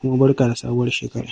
kuma barka da sabuwar shekara.